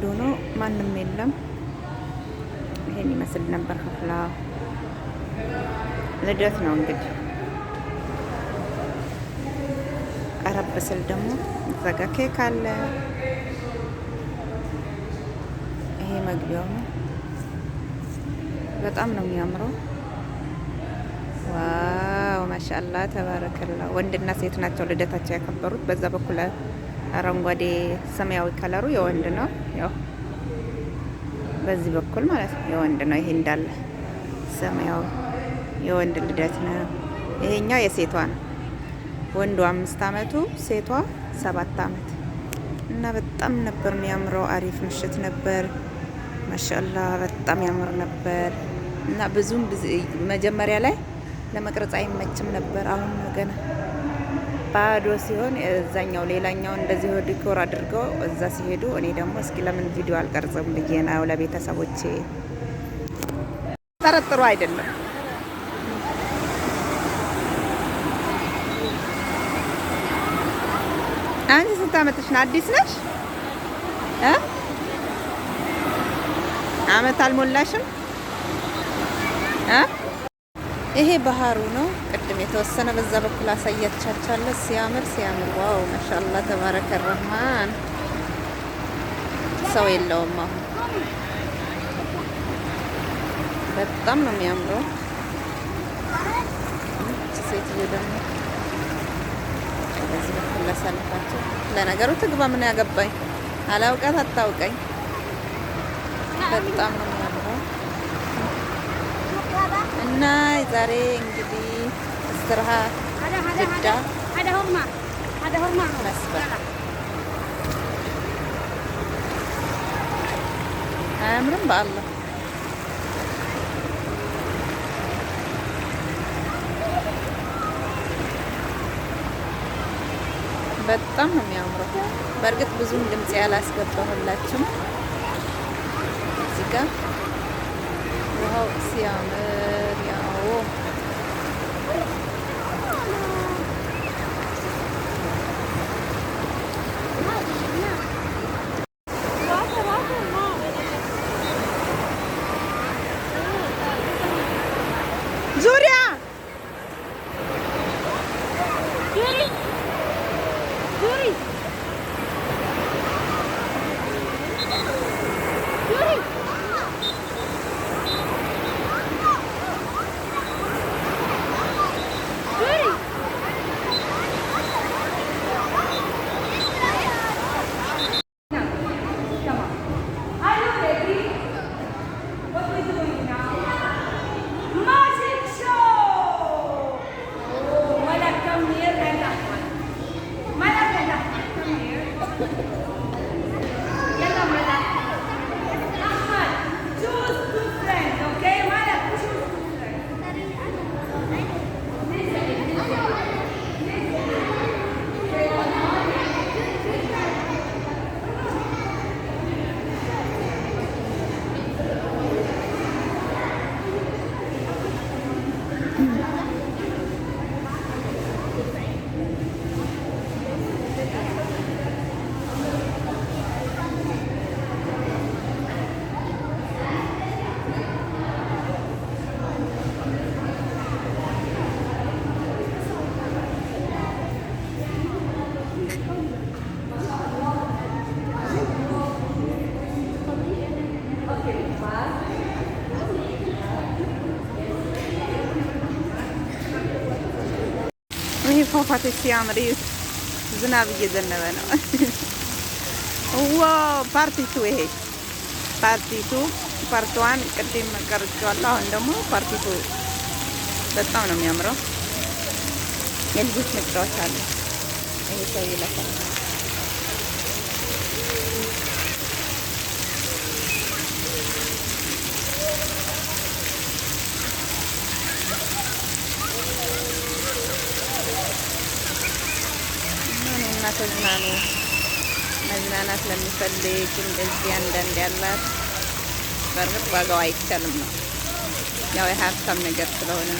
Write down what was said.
ባዶ ነው፣ ማንም የለም። ይሄን ይመስል ነበር ክፍላ ልደት ነው እንግዲህ። ቀረብ ስል ደግሞ ዘጋ ኬክ አለ። ይሄ መግቢያው ነው። በጣም ነው የሚያምረው። ዋው ማሻአላ ተባረከላ። ወንድና ሴት ናቸው ልደታቸው ያከበሩት በዛ በኩል አረንጓዴ ሰማያዊ ከለሩ የወንድ ነው። ያው በዚህ በኩል ማለት ነው የወንድ ነው። ይሄ እንዳለ ሰማያዊ የወንድ ልደት ነው። ይሄኛው የሴቷ ነው። ወንዱ አምስት አመቱ፣ ሴቷ ሰባት አመት እና በጣም ነበር የሚያምረው። አሪፍ ምሽት ነበር። ማሻላ በጣም ያምር ነበር እና ብዙም መጀመሪያ ላይ ለመቅረጽ አይመችም ነበር። አሁን ገና ባዶ ሲሆን እዛኛው ሌላኛው እንደዚህ ዲኮር አድርገው እዛ ሲሄዱ፣ እኔ ደግሞ እስኪ ለምን ቪዲዮ አልቀርጽም ብዬ ነው ለቤተሰቦቼ። ጠረጥሩ አይደለም አንቺ ስንት አመትሽ ነው? አዲስ ነሽ? አመት አልሞላሽም። ይሄ ባህሩ ነው። የተወሰነ በዛ በኩል አሳያቻቻለ። ሲያምር ሲያምር፣ ዋው ማሻአላ ተባረከ ረህማን። ሰው የለውም አሁን። በጣም ነው የሚያምረው። ሴትዮ ደግሞ በዚህ በኩል ላሳልፋቸው። ለነገሩ ትግባ፣ ምን ያገባኝ? አላውቃት አታውቀኝ። በጣም ነው የሚያምረው እና ዛሬ እንግዲህ አስክርሃ ጅዳ አያምርም በአላህ በጣም ነው የሚያምረው። በእርግጥ ብዙም ድምጽ ያላስገባሁላችሁም። እዚህ ጋ ውሃው ሲያምር ያው Júlia! Júlia! Júlia! Júlia! ፏፏቴ ሲያምር ዝናብ እየዘነበ ነው። ዋው ፓርቲቱ ይሄ ፓርቲቱ ፓርቲዋን ቅድም ቀርጬዋለሁ። አሁን ደግሞ ፓርቲቱ በጣም ነው የሚያምረው። የልጆች መጫወቻ አለ ይሄ ሰው ይለፋል። እና ተዝናኑ። መዝናናት ለሚፈልግ እንደዚህ አንዳንድ ያላት በእርግጥ ዋጋው አይቻልም ነው ያው የሀብታም ነገር ስለሆነ